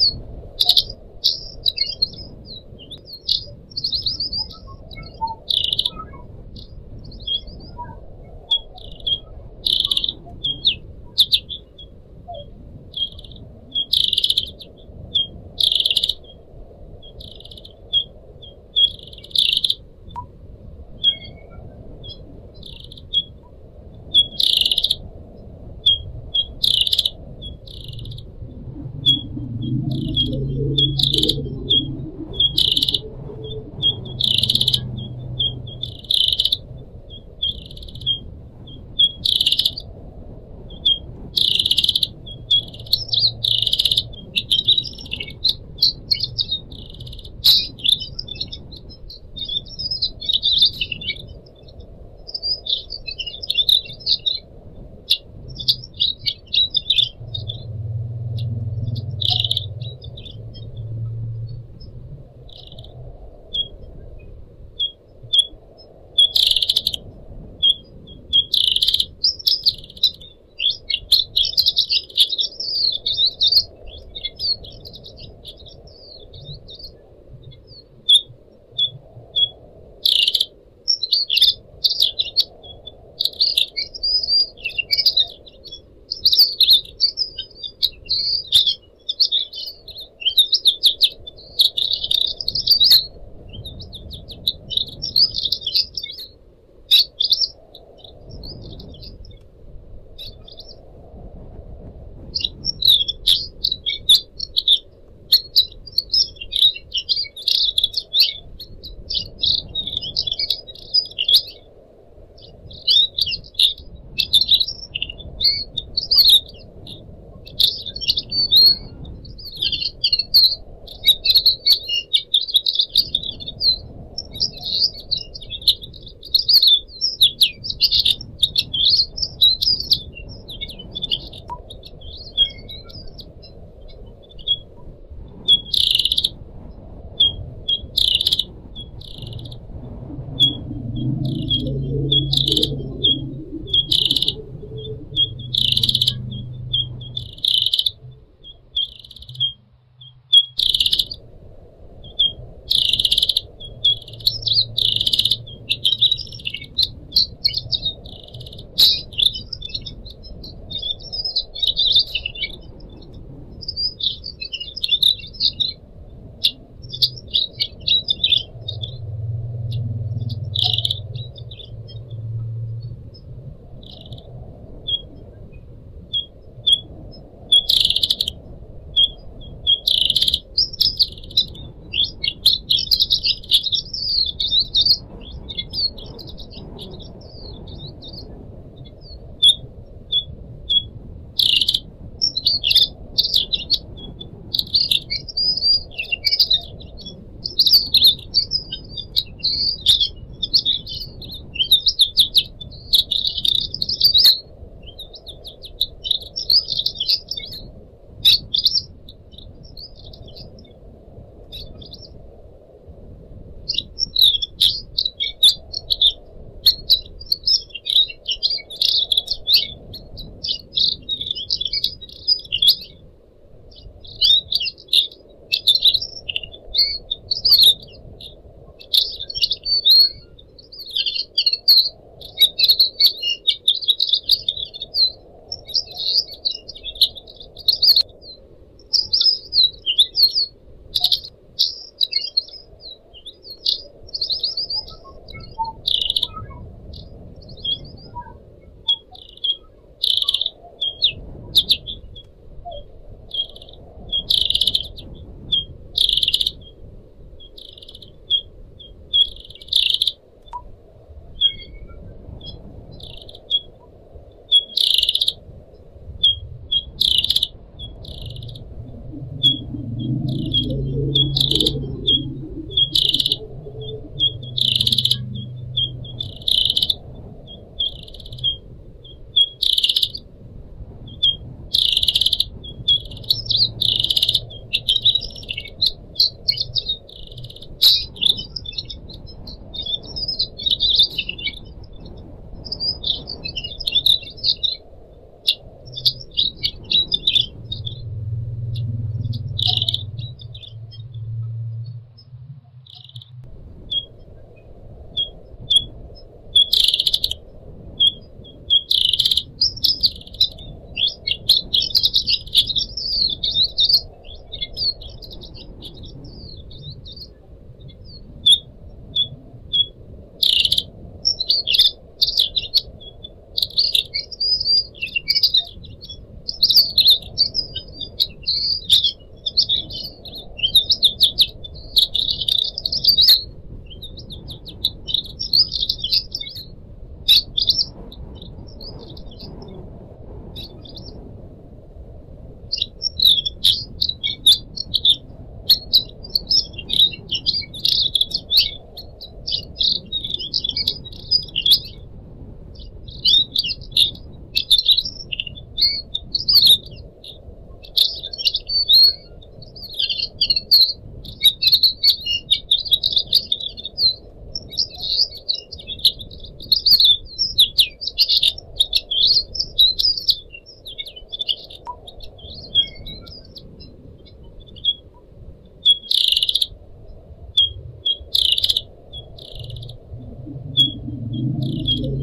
us. Thank you.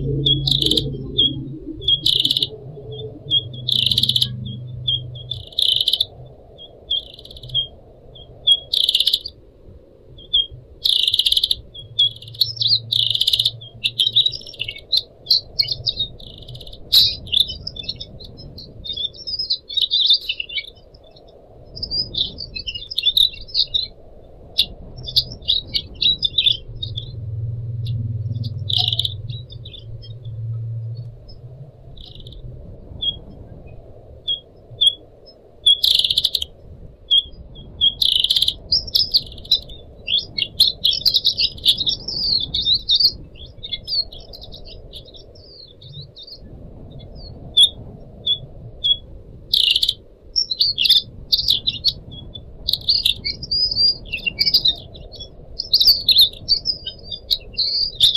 Thank you. Thank you.